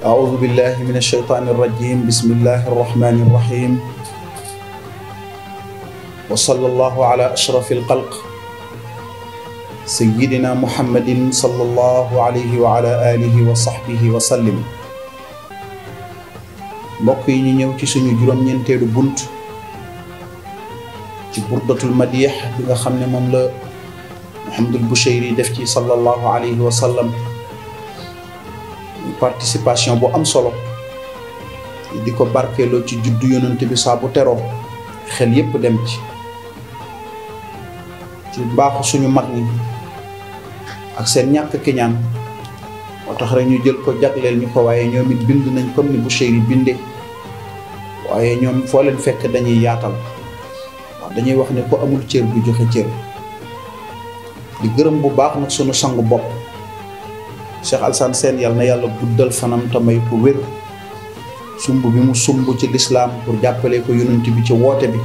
أعوذ بالله من الشيطان الرجيم بسم الله الرحمن الرحيم وصلى الله على أشرف الخلق سيدنا محمد صلى الله عليه وعلى آله وصحبه وسلم mbokk yi ñu ñëw ci suñu juróom-ñeenteelu bunt ci burdatul madix bi nga xam ne moom la Muhammadul Bushayri def ci sallallahu alayhi wa sallam participation bu am solo di ko barkeeloo ci juddu yonante bi saabu bu teroo xel yépp dem ci ci mbaaxu suñu mag ñi ak seen ñàkk kiñaan moo tax rek ñu jël ko jagleel ñu ko waaye ñoom bind nañ comme ni Buseyri bindee waaye ñoom foo leen fekk dañuy yaatal wax dañuy wax ne ko amul cër bu joxe cër di gërëm bu baax nag sunu sangu bopp Cheikh Alassane seen yal na yàlla guddal fanam te may ko wér sumb bi mu sumb ci lislaam pour jàppalee ko yonent bi ci woote bi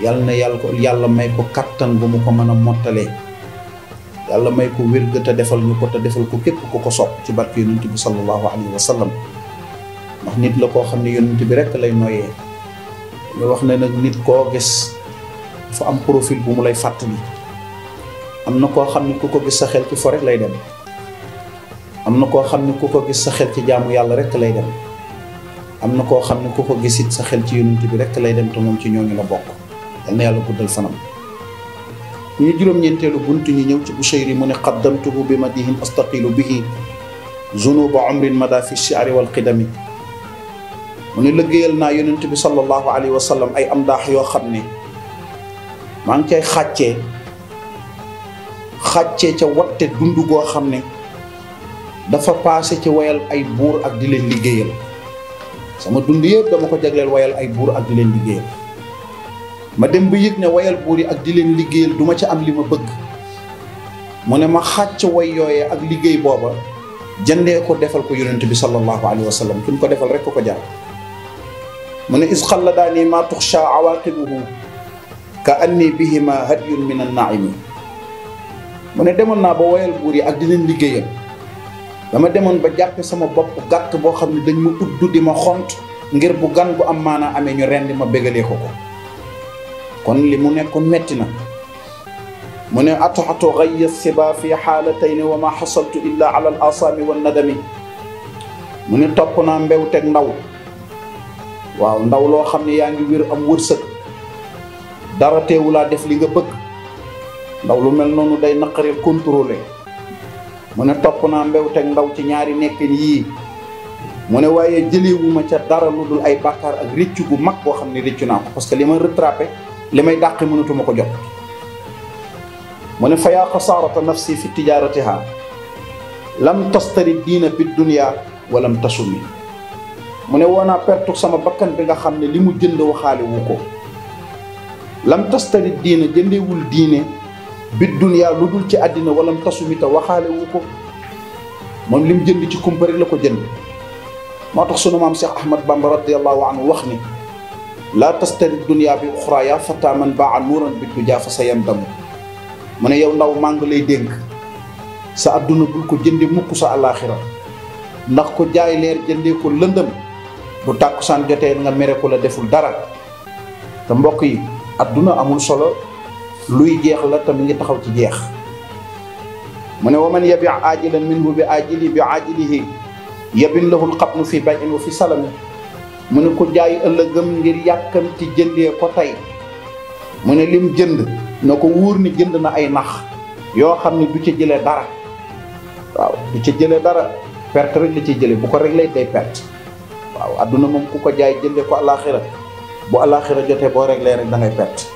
yal na yàlla ko yàlla may ko kattan bu mu ko mën a mottalee yàlla may ko wér ga te defal ñu ko te defal ko képp ku ko sopp ci barke yonent bi sallallahu alayhi wa sallam ndax nit la koo xam ne yonent bi rekk lay noyee ñu wax ne nag nit koo gis dafa am profil bu mu lay fàttali am na koo xam ne ku ko gis sa xel ci fo lay dem am na koo xam ne ku ko gis sa xel ci jaamu yàlla rek lay dem am na koo xam ne ku ko gis it sa xel ci yonent bi rekk lay dem te moom ci ñooñu la bokk yal na yàlla guddal fanam ñu juróom-ñeenteelu bunt ñu ñëw ci Bushayri mu ne qaddamtuhu bi madihin astaqilu bihi zunuba umrin mada fi shi'ri wal qidami mu ne liggéeyal naa yonent bi sallallahu alayhi wa ay am daax yoo xam ne maa ngi cay xàccee xàccee ca watte dund goo xam ne dafa passé ci wayal ay buur ak di leen liggéeyal sama dund yëpp dama ko jagleel woyal ay buur ak di leen liggéeyal ma dem ba yëg ne wayal buur yi ak di leen liggéeyal duma ci am li ma bëgg mu ne ma xàcc way ak liggéey booba jëndee ko defal ko yonent bi sallallahu alayhi wa sallam ki ko defal rekk ko ko jar mu ne isxal la daa nii maa tuxsha awaaqibuhu ka anni bihima hadyun min annaimi mu ne demoon naa ba wayal buur yi ak di leen liggéeyal dama demoon ba jàppe sama bopp gàtt boo xam ne dañ ma udd di ma xont ngir bu gan bu am maanaa amee ñu rendi ma bégalee ko kon li mu nekkoon metti na mu ne ataxatu xayya siba fi xaalatayni wa ma xasaltu illa ala al asaami wa nadami mu ne topp naa mbew teg ndaw waaw ndaw loo xam ne yaa ngi wér am wërsëg dara teewulaa def li nga bëgg ndaw lu mel noonu day naqaree contrôler mu ne topp naa mbew teg ndaw ci ñaari nekkin yii mu ne waaye jëleewuma ca dara lu dul ay bàkkaar ak rëccu gu mag boo xam ne rëccu naa ko parce que li may rattrapé li may dàqi mënatuma ko jot mu ne fa yaa xasaarata nafsi fi tijaaratiha lam tastari diina bi mu tasu tasumi mu ne woonaa pertu sama bakkan bi nga xam ne li mu jënd waxaale wu ko lam tastari diina jëndewul diine bi duniyaa lu dul ci àddina walam tasumi te waxaale ko moom lim jënd ci kumpa la ko jënd moo tax sunu maam Cheikh Ahmad Bamba radiallahu anhu wax ni laa tas tastari duniyaa bi uxraa yaa fataa man baa nuuran bi dujaa fa sa yem damm mu ne yow ndaw maa lay dénk sa àdduna bul ko jënde mukk sa alaaxira ndax ko jaay leer jëndee ko lëndëm bu tàkkusaan jotee nga mere la deful dara te mbokk yi àdduna amul solo luy jeex la te mi ngi taxaw ci jeex mu ne wa man yabi ajilan minhu bi ajili bi ajilihi yabin lahul xabnu fi bayin wa fi salami mu ne ko jaay ëllëgëm ngir yàkkamti jëndee ko tey mu ne lim jënd na ko wóor ni jënd na ay nax yoo xam ne du ci jële dara waaw du ci jële dara perte rek la ciy jële bu ko rek lay day perte waaw adduna moom ku ko jaay jëndee ko alaxira bu alaxira jotee boo rek rek da pert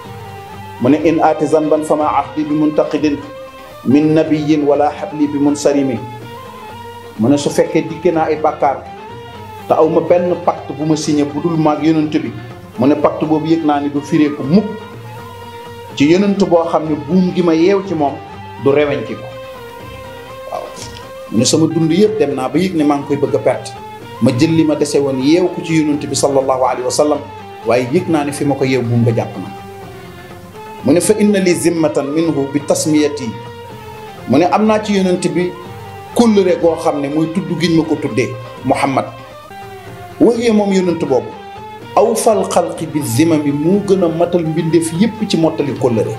mu ne in ban zanban fama ahdi bi muntaqidin min nabiyin wala xabli bi mun munsarimi mu ne su fekkee dikke naa ay bàkkaar te aw ma benn pacte bu ma signé bu dul maag yonent bi mu ne pacte boobu yëg naa ne du fireeku mukk ci yonent boo xam ne buum gi ma yeew ci moom du reweñ ci ko waaw sama dund yëpp dem naa ba yëg ne maa ngi koy bëgg a perte ma jël li ma dese woon yeew ko ci yonent bi sallallahu alayhi wa waaye yëg naa ne fi ma ko yeew buum ba jàpp na mu ne fa inna li zimmatan minhu bi tas tasmiyati mu ne am naa ci yonant bi kóllëre goo xam ne muy tudd giñ ma ko tuddee muhammad waxee moom yonent boobu aw fal xalqi bi zimam bi moo gën a matal mbindeef yépp ci mottali kóllëre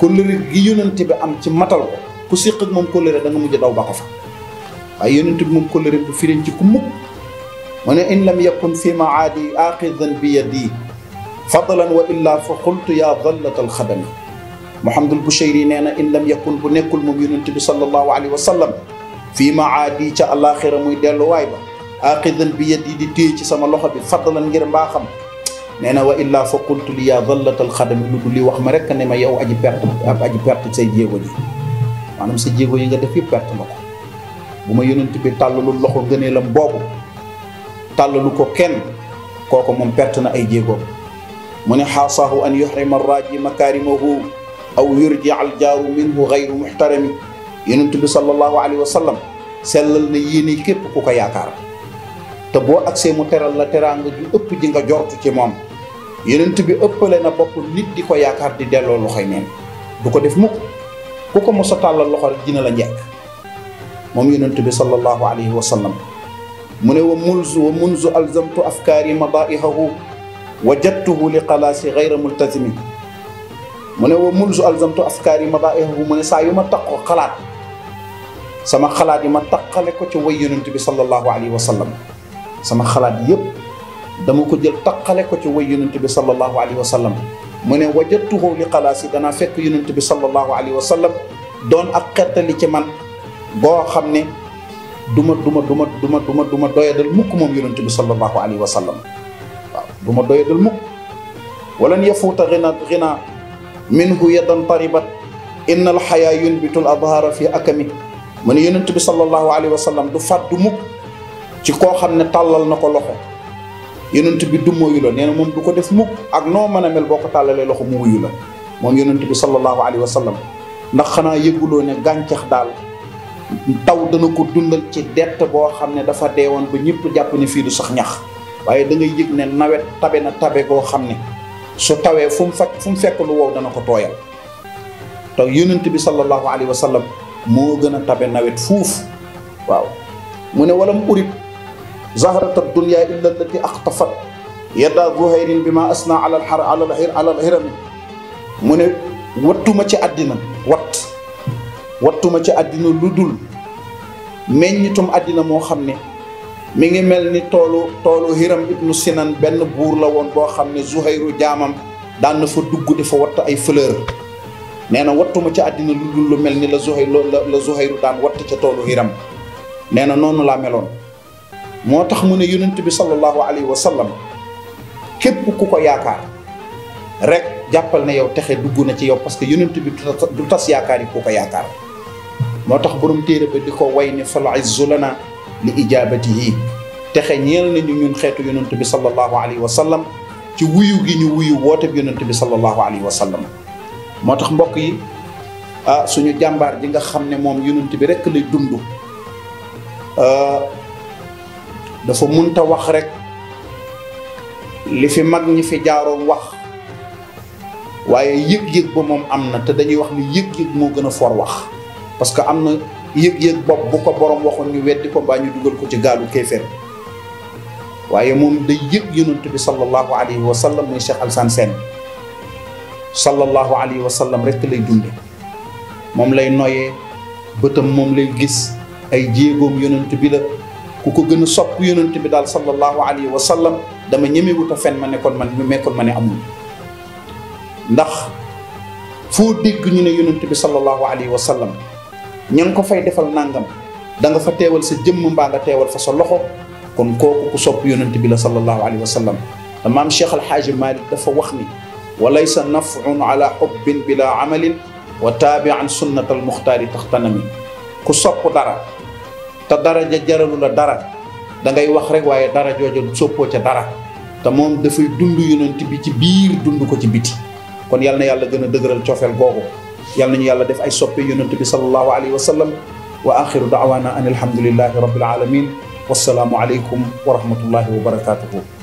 kóllëre gi yonent bi am ci matal ko ku séq moom kóllëre da nga daw ba ko fa waaye yonent bi moom kóllëre bu firin ci ku mu ne in lam yakun fi maadi aqidan bi yadi fadlan wa illaa fa xultu yaa dallatal xadami Mouhamadul Bouchayri nee na in lam yakun bu nekkul moom yonent bi sallallahu alayhi wa sallam fii maadi ca àllaaxira muy delluwaay ba aqidan bi yad di téye ci sama loxo bi fadlan ngir mbaaxam nee na wa illaa fa qultu li yaa dallatal xadami lu tu li wax ma rek ne ma yow aji perte ab aji perte say jéego ji maanaam si jéego yi nga def yëpp perte ma ko bu ma yonent bi tàllalul loxo gëneelam boobu tàllalu ko kenn kooku moom perte na ay jéegoom. mu ne xaasaahu an yuxrima raaji makaarimahu aw yurji al jaaru minhu gayru muxtarami yonent bi sallallahu alayhi wa sallam sellal na yéene képp ku ko yaakaar te boo agsee mu teral la teraanga ju ëpp ji nga jortu ci moom yonent bi ëppale na bopp nit di ko yaakaar di delloo loxoy neen du ko def mukk ku ko mos tàllal loxo rek dina la njëkk moom yonent bi sallallahu alayhi wa sallam mu ne wa munzu wa munzu alzamtu afkaari madaihahu wajadtuhu li xalaasi xayra multasimi mu ne wa mulsu alzamtu afkaar yi ma daa eexu mu ne saa yu ma taq ko xalaat sama xalaat yi ma taqale ko ci way yonent bi sallallahu alayhi wa sallam sama xalaat yépp dama ko jël taqale ko ci way yonent bi sallallahu alayhi wa sallam mu ne wajadtuhu li xalaasi danaa fekk yonent bi sallallahu alayhi wa sallam doon ak xettali ci man boo xam ne duma duma duma duma duma duma doyadal mukk moom yonent bi sallallahu alayhi wa sallam du ma doyadal mukk walan yafuuta xina xina minhu yadan taribat inna alxayaa yunbitu l adhaara fi akami mu ne yonent bi sallallahu alayhi wa sallam du fàddu mukk ci koo xam ne tàllal na ko loxo yonent bi du mooyu la nee na moom du ko def mukk ak noo mën a mel boo ko tàllalee loxo mu wuyu la moom yonent bi sallallahu alayhi wa sallam ndax xanaa yëguloo ne gàncax daal taw dana ko dundal ci dett boo xam ne dafa deewoon ba ñëpp jàpp ne fii du sax ñax waaye da ngay yëg ne nawet tabe na tabe koo xam ne su tawee fu mu fekk fu lu wow dana ko tooyal te yonent bi sallallahu alayhi wa sallam moo gën a tabe nawet fuuf waaw mu ne walam urib zahrata dunya illa allati aqtafat yadda zuhayrin bi ma asna alal xar alal xir alal mu ne wattuma ci àddina watt wattuma ci àddina lu dul meññitum àddina moo xam ne mi ngi mel ni toolu toolu Hiram ibnu Sinan benn buur la woon boo xam ne Zuhayru jaamam daan na fa dugg di fa watt ay fleur nee na wattuma ci àddina lu dul lu mel ni la Zuhay la Zuhayru daan watt ca toolu Hiram nee na noonu laa meloon moo tax mu ne yonent bi sallallahu alayhi wa képp ku ko yaakaar rek jàppal na yow texe dugg na ci yow parce que yonent bi du tas yaakaar yi ku ko yaakaar moo tax borom téere ba di ko way ne fal izzu lana li ijaabatihi texe ñeel nañu ñun xeetu yonent bi sallallahu alayhi wa sallam ci wuyu gi ñu wuyu woote bi yonent bi sallallahu alayhi wa sallam moo tax mbokk yi ah suñu jàmbaar ji nga xam ne moom yonent bi rek lay dund ah, dafa munta wax rek li fi mag ñi fi jaaroon wax waaye yëg-yëg ba moom am na te dañuy wax ni yëg-yëg moo gën a for wax parce am na yëg-yëg bopp bu ko boroom waxoon ñu weddi ko mbaa ñu dugal ko ci gaalu kéeféer waaye moom day yëg yonent bi sallallahu alayhi wa muy Cheikh Alassane Sène sallallahu alayhi wa sallam rekk lay dunde moom lay noyee bëtam moom lay gis ay jéegoom yonent bi la ku ko gën a sopp yonent bi daal sallallahu alayhi wa sallam dama ñemewut a fen ma nekkoon man ñu mekkoon ma ne amul ndax foo dégg ñu ne yonent bi sallallahu alayhi wa sallam ña ko fay defal nangam da nga fa teewal sa jëmm mbaa nga teewal fa sa loxo kon kooku ku sopp yonent bi la sallallahu alayhi wa sallam te maam Cheikh Al Hadj Malick dafa sa ni wa laysa nafun ala xubbin bila amalin wa taabi an sunnat al muxtaari taxtanami ku sopp dara te dara ja jaralu la dara da ngay wax rek waaye dara jooja soppoo ca dara te moom dafay dund yonent bi ci biir dund ko ci biti kon yal na yàlla gën a dëgëral coofeel googu yàlla nañu yàlla def ay soppe yonent bi sallallahu alayhi wa sallam wa axiru daawaana an alhamdulillahi rabbil alamin wassalaamu aleykum wa rahmatullahi wa barakatuhu